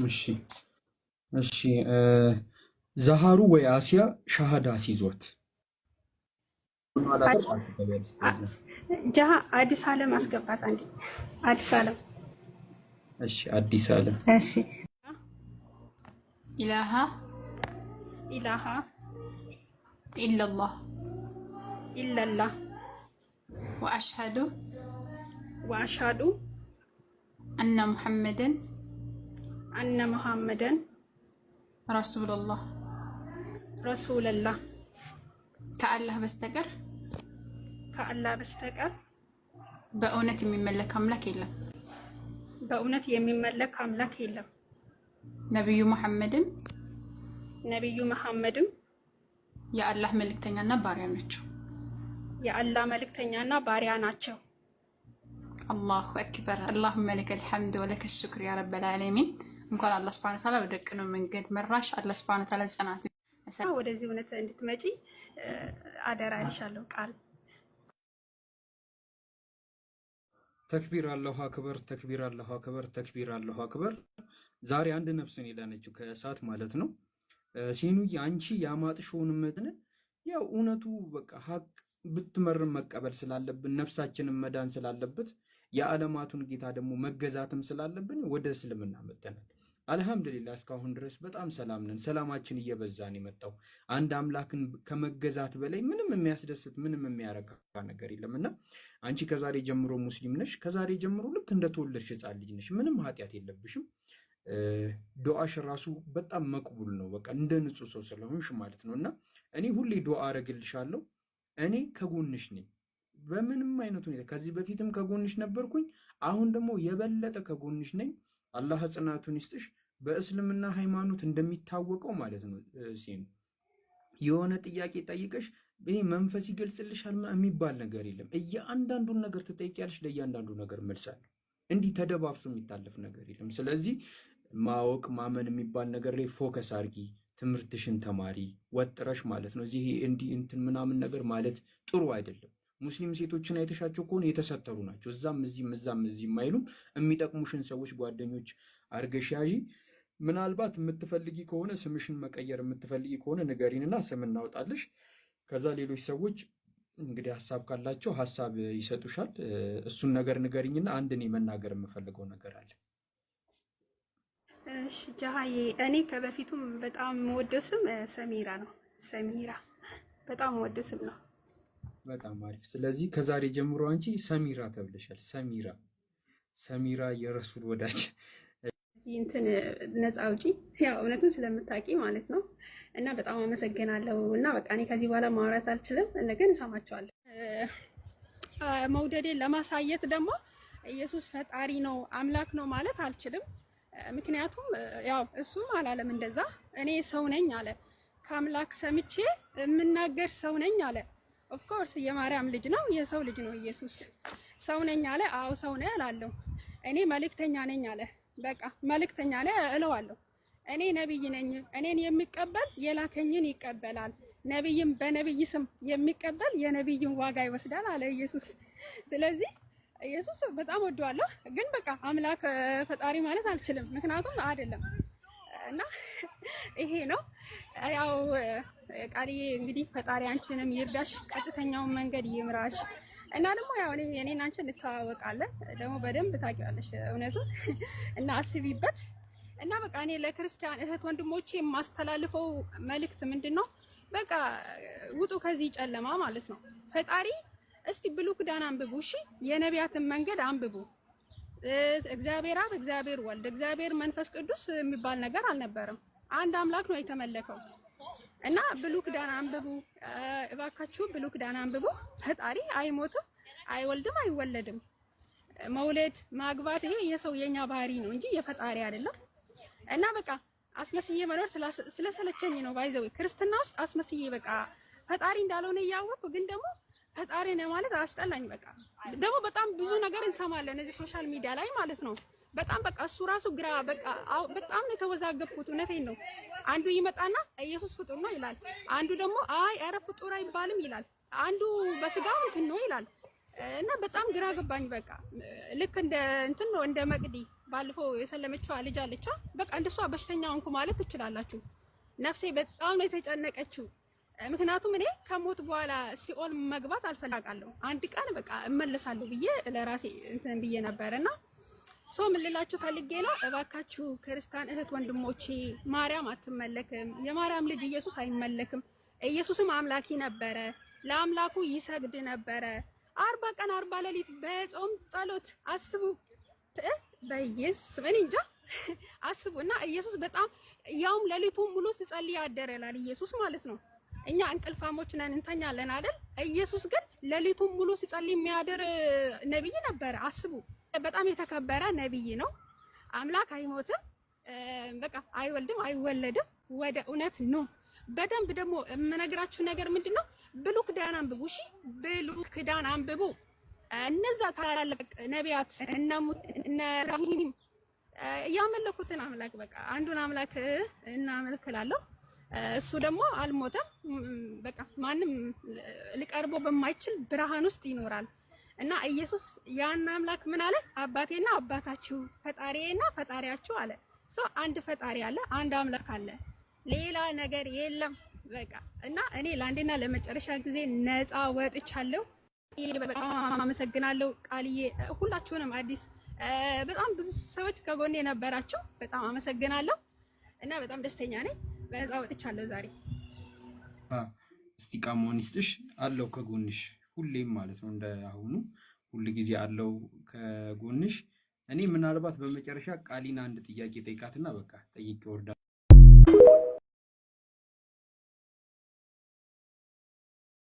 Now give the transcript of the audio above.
ماشي ماشي زهارو وي اسيا شهادة سيزوت جها عدي سالم اسكبات عندي عدي سالم ماشي عدي سالم ماشي إلها إلها إلا الله إلا الله وأشهد وأشهد أن محمدا አነ መሐመደን ረሱልላህ ረሱልላህ ከአላህ በስተቀር ከአላህ በስተቀር በእውነት የሚመለክ አምላክ የለም። በእውነት የሚመለክ አምላክ የለም። ነቢዩ መሐመድም ነቢዩ መሐመድም የአላህ መልእክተኛና ባሪያ ናቸው። የአላህ መልእክተኛና ባሪያ ናቸው። አላሁ አክበር። አላሁመ ለከል ሐምድ ወለከል ሹክር ያ ረበል ዓለሚን እንኳን አላህ ሱብሃነሁ ወተዓላ በደቅ ነው መንገድ መራሽ አላህ ሱብሃነሁ ወተዓላ ጽናት ወደዚህ እውነት እንድትመጪ አደራ እልሻለሁ። ቃል ተክቢር አላሁ አክበር፣ ተክቢር አላሁ አክበር፣ ተክቢር አላሁ አክበር። ዛሬ አንድ ነፍስን የዳነችው ከእሳት ማለት ነው። ሲኑዬ አንቺ ያማጥሽውን መድን ያው እውነቱ በቃ ሀቅ ብትመርም መቀበል ስላለብን ነፍሳችንን መዳን ስላለበት የዓለማቱን ጌታ ደግሞ መገዛትም ስላለብን ወደ እስልምና መጠናል። አልሐምዱሊላ እስካሁን ድረስ በጣም ሰላም ነን። ሰላማችን እየበዛን የመጣው አንድ አምላክን ከመገዛት በላይ ምንም የሚያስደስት ምንም የሚያረካ ነገር የለም እና አንቺ ከዛሬ ጀምሮ ሙስሊም ነሽ። ከዛሬ ጀምሮ ልክ እንደተወለድሽ ሕፃን ልጅ ነሽ። ምንም ኃጢአት የለብሽም። ዱዓሽ ራሱ በጣም መቅቡል ነው። በቃ እንደ ንጹህ ሰው ስለሆንሽ ማለት ነው። እና እኔ ሁሌ ዱዓ አረግልሻለሁ። እኔ ከጎንሽ ነኝ በምንም አይነት ሁኔታ። ከዚህ በፊትም ከጎንሽ ነበርኩኝ። አሁን ደግሞ የበለጠ ከጎንሽ ነኝ። አላህ ጽናቱን ይስጥሽ። በእስልምና ሃይማኖት እንደሚታወቀው ማለት ነው ሲም የሆነ ጥያቄ ጠይቀሽ ይሄ መንፈስ ይገልጽልሻል የሚባል ነገር የለም። እያንዳንዱን ነገር ትጠይቂያለሽ። ለእያንዳንዱ ነገር መልሳለሁ። እንዲህ ተደባብሶ የሚታለፍ ነገር የለም። ስለዚህ ማወቅ ማመን የሚባል ነገር ላይ ፎከስ አርጊ ትምህርትሽን ተማሪ ወጥረሽ ማለት ነው። እዚህ እንዲህ እንትን ምናምን ነገር ማለት ጥሩ አይደለም። ሙስሊም ሴቶችን አይተሻቸው ከሆነ የተሰተሩ ናቸው። እዛም እዚህም እዛም እዚህም አይሉም። የሚጠቅሙሽን ሰዎች ጓደኞች አድርገሽ ያዢ። ምናልባት የምትፈልጊ ከሆነ ስምሽን መቀየር የምትፈልጊ ከሆነ ንገሪንና ስም እናወጣለሽ። ከዛ ሌሎች ሰዎች እንግዲህ ሀሳብ ካላቸው ሀሳብ ይሰጡሻል። እሱን ነገር ንገሪኝና አንድ እኔ መናገር የምፈልገው ነገር አለ። እሺ ጃሃዬ፣ እኔ ከበፊቱም በጣም የምወደው ስም ሰሚራ ነው። ሰሚራ በጣም የምወደው ስም ነው። በጣም አሪፍ። ስለዚህ ከዛሬ ጀምሮ አንቺ ሰሚራ ተብለሻል። ሰሚራ ሰሚራ የረሱል ወዳጅ እንትን ነፃ አውጪ። ያው እውነቱን ስለምታውቂ ማለት ነው። እና በጣም አመሰግናለሁ። እና በቃ እኔ ከዚህ በኋላ ማውራት አልችልም፣ ግን እሰማቸዋለሁ። መውደዴን ለማሳየት ደግሞ ኢየሱስ ፈጣሪ ነው አምላክ ነው ማለት አልችልም። ምክንያቱም ያው እሱም አላለም እንደዛ፣ እኔ ሰው ነኝ አለ። ከአምላክ ሰምቼ የምናገር ሰው ነኝ አለ። ኦፍኮርስ የማርያም ልጅ ነው፣ የሰው ልጅ ነው። ኢየሱስ ሰው ነኝ አለ። አዎ ሰው ነኝ እላለሁ። እኔ መልእክተኛ ነኝ አለ። በቃ መልእክተኛ ነኝ እለዋለሁ። እኔ ነብይ ነኝ። እኔን የሚቀበል የላከኝን ይቀበላል። ነብይም በነብይ ስም የሚቀበል የነብይን ዋጋ ይወስዳል አለ ኢየሱስ። ስለዚህ ኢየሱስ በጣም ወደዋለሁ፣ ግን በቃ አምላክ ፈጣሪ ማለት አልችልም፣ ምክንያቱም አይደለም እና ይሄ ነው ያው ቃልዬ እንግዲህ ፈጣሪ አንቺንም ይርዳሽ፣ ቀጥተኛውን መንገድ ይምራሽ እና ደግሞ ያው እኔን አንቺ እንተዋወቃለን ደግሞ በደንብ ታውቂዋለሽ እውነቱ እና አስቢበት እና በቃ እኔ ለክርስቲያን እህት ወንድሞቼ የማስተላልፈው መልእክት ምንድን ነው? በቃ ውጡ ከዚህ ጨለማ ማለት ነው። ፈጣሪ እስቲ ብሉ ክዳን አንብቡ፣ እሺ የነቢያትን መንገድ አንብቡ። እግዚአብሔር አብ፣ እግዚአብሔር ወልድ፣ እግዚአብሔር መንፈስ ቅዱስ የሚባል ነገር አልነበረም። አንድ አምላክ ነው የተመለከው። እና ብሉይ ኪዳን አንብቡ እባካችሁ፣ ብሉይ ኪዳን አንብቡ። ፈጣሪ አይሞትም፣ አይወልድም፣ አይወለድም። መውለድ ማግባት፣ ይሄ የሰው የኛ ባህሪ ነው እንጂ የፈጣሪ አይደለም። እና በቃ አስመስዬ መኖር ስለሰለቸኝ ነው። ባይዘው ክርስትና ውስጥ አስመስዬ በቃ ፈጣሪ እንዳልሆነ እያወቅኩ ግን ደግሞ ፈጣሪ ነው ማለት አስጠላኝ። በቃ ደግሞ በጣም ብዙ ነገር እንሰማለን እዚህ ሶሻል ሚዲያ ላይ ማለት ነው። በጣም በቃ እሱ ራሱ ግራ በቃ በጣም ነው የተወዛገብኩት። እውነቴን ነው። አንዱ ይመጣና ኢየሱስ ፍጡር ነው ይላል፣ አንዱ ደግሞ አይ አረ ፍጡር አይባልም ይላል፣ አንዱ በስጋው እንትን ነው ይላል። እና በጣም ግራ ገባኝ። በቃ ልክ እንደ እንትን ነው እንደ መቅዲ ባለፈው የሰለመችዋ ልጅ አለቻ። በቃ እንደሷ በሽተኛ ሆንኩ ማለት ትችላላችሁ። ነፍሴ በጣም ነው የተጨነቀችው። ምክንያቱም እኔ ከሞት በኋላ ሲኦል መግባት አልፈላቃለሁ። አንድ ቀን በቃ እመለሳለሁ ብዬ ለራሴ እንትን ብዬ ነበርና ሶ ምን ልላችሁ ፈልጌ ነው፣ እባካችሁ ክርስቲያን እህት ወንድሞቼ፣ ማርያም አትመለክም፣ የማርያም ልጅ ኢየሱስ አይመለክም። ኢየሱስም አምላኪ ነበረ፣ ለአምላኩ ይሰግድ ነበረ። አርባ ቀን አርባ ሌሊት በጾም ጸሎት አስቡ በኢየሱስ ምን እንጃ አስቡ እና ኢየሱስ በጣም ያውም ሌሊቱ ሙሉ ሲጸልይ አደረ ይላል ኢየሱስ ማለት ነው። እኛ እንቅልፋሞች ነን እንተኛለን አይደል? ኢየሱስ ግን ለሊቱ ሙሉ ሲጸልይ የሚያደር ነብይ ነበረ። አስቡ በጣም የተከበረ ነብይ ነው። አምላክ አይሞትም፣ በቃ አይወልድም፣ አይወለድም። ወደ እውነት ኑ። በደንብ ደግሞ የምነግራችሁ ነገር ምንድን ነው? ብሉ ክዳን አንብቡ። እሺ ብሉ ክዳን አንብቡ። እነዛ ታላላቅ ነቢያት እነ ኢብራሂም ያመለኩትን አምላክ በቃ አንዱን አምላክ እናመልክላለሁ። እሱ ደግሞ አልሞተም። በቃ ማንም ሊቀርቦ በማይችል ብርሃን ውስጥ ይኖራል። እና ኢየሱስ ያን አምላክ ምን አለ? አባቴና አባታችሁ ፈጣሪዬና ፈጣሪያችሁ አለ። ሶ አንድ ፈጣሪ አለ፣ አንድ አምላክ አለ፣ ሌላ ነገር የለም። በቃ እና እኔ ለአንዴና ለመጨረሻ ጊዜ ነፃ ወጥቻለሁ። በጣም አመሰግናለሁ ቃልዬ፣ ሁላችሁንም አዲስ በጣም ብዙ ሰዎች ከጎኔ ነበራችሁ፣ በጣም አመሰግናለሁ እና በጣም ደስተኛ ነኝ። በነፃ ወጥቻለሁ ዛሬ። እስቲ ቃሞን ይስጥሽ አለው ከጎንሽ ሁሌም ማለት ነው እንደ አሁኑ ሁል ጊዜ አለው ከጎንሽ። እኔ ምናልባት በመጨረሻ ቃሊን አንድ ጥያቄ ጠይቃትና በቃ ጠይቄ ወርዳ